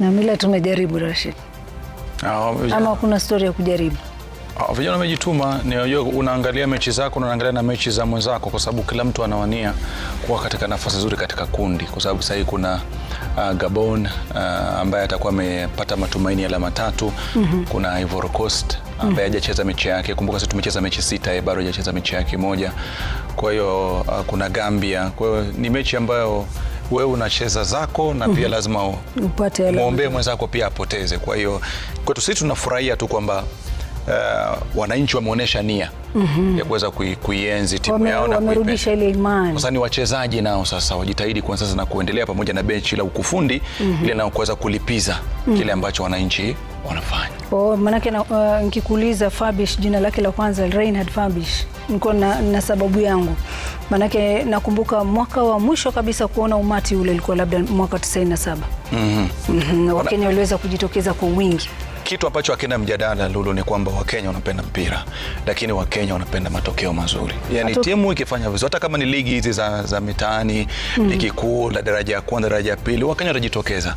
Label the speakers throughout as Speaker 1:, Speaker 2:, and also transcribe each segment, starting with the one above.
Speaker 1: na mila tumejaribu, Rashid. Ah, ama kuna stori ya kujaribu
Speaker 2: ah, vijana wamejituma. Najua unaangalia mechi zako na unaangalia na mechi za mwenzako, kwa sababu kila mtu anawania kuwa katika nafasi nzuri katika kundi, kwa sababu sasa kuna uh, Gabon uh, ambaye atakuwa amepata matumaini ya alama tatu. mm -hmm. Kuna Ivory Coast ambaye mhm. hajacheza mechi yake. Kumbuka sisi tumecheza mechi sita, yeye bado hajacheza mechi yake moja. Kwa hiyo uh, kuna Gambia. Kwa hiyo ni mechi ambayo wewe unacheza zako na pia mhm. lazima mwombee mwenzako pia apoteze. Kwa hiyo kwetu sisi tunafurahia tu kwamba Uh, wananchi wameonyesha nia mm -hmm. ya kuweza kui, kuienzi
Speaker 1: timu yao na kuirudisha ile imani.
Speaker 2: Sasa ni wachezaji nao sasa wajitahidi kwa sasa na kuendelea pamoja na benchi la ukufundi mm -hmm. ili nao kuweza kulipiza mm -hmm. kile ambacho wananchi wanafanya.
Speaker 1: Oh, manake uh, nikikuuliza Fabish jina lake la kwanza Reinhard Fabish niko na, na sababu yangu maanake nakumbuka mwaka wa mwisho kabisa kuona umati ule ulikuwa labda mwaka 97. mm -hmm. mm -hmm. Wakenya waliweza kujitokeza kwa wingi
Speaker 2: kitu ambacho hakina mjadala Lulu ni kwamba Wakenya wanapenda mpira, lakini Wakenya wanapenda matokeo mazuri. Yani Atu... timu ikifanya vizuri, hata kama ni ligi hizi za, za mitaani mm. ligi kuu la daraja ya kwanza, daraja ya pili, Wakenya watajitokeza.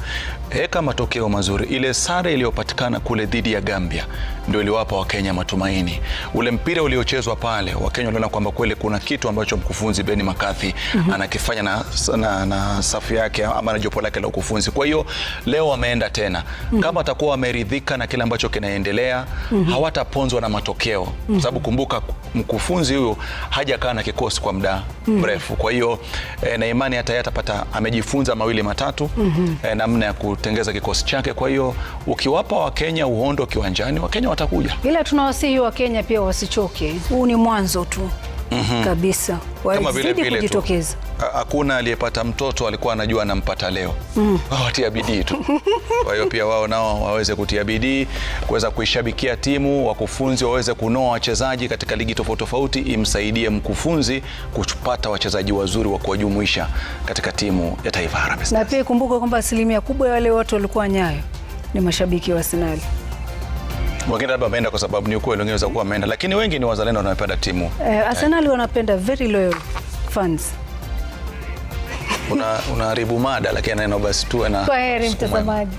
Speaker 2: Heka matokeo mazuri. Ile sare iliyopatikana kule dhidi ya Gambia ndio iliwapa Wakenya matumaini. Ule mpira uliochezwa pale, Wakenya waliona kwamba kweli kuna kitu ambacho mkufunzi beni makathi mm -hmm. anakifanya na, na, na safu yake ama na jopo lake la ukufunzi. Kwa hiyo leo wameenda tena, mm -hmm. kama atakuwa wameridhika na kile ambacho kinaendelea mm -hmm. Hawataponzwa na matokeo mm -hmm. Kwa sababu mhm. kumbuka, mkufunzi huyu hajakaa na kikosi kwa muda mhm. mrefu mm -hmm. Kwa hiyo e, eh, na imani hata yeye atapata, amejifunza mawili matatu mm -hmm. e, namna ya kutengeza kikosi chake. Kwa hiyo ukiwapa Wakenya uhondo kiwanjani, Wakenya watakuja,
Speaker 1: ila tunawasihi Wakenya pia wasichoke, huu ni mwanzo tu mm -hmm. kabisa, walizidi kujitokeza.
Speaker 2: Hakuna aliyepata mtoto alikuwa anajua anampata leo mm. watia bidii tu kwa hiyo pia wao nao waweze kutia bidii kuweza kuishabikia timu, wakufunzi waweze kunoa wachezaji katika ligi tofauti tofauti, imsaidie mkufunzi kupata wachezaji wazuri wa kuwajumuisha katika timu ya taifa Harambee Stars.
Speaker 1: Na pia ikumbuke kwamba asilimia kubwa ya wale watu walikuwa Nyayo ni mashabiki wa Arsenal.
Speaker 2: Wengine labda wameenda kwa sababu ni ukweli, wengine kuwa wameenda, lakini wengi ni wazalendo wanaopenda timu
Speaker 1: eh. Arsenal wanapenda very loyal fans.
Speaker 2: Una haribu mada, lakini neno basi tu na
Speaker 1: kwaheri mtazamaji.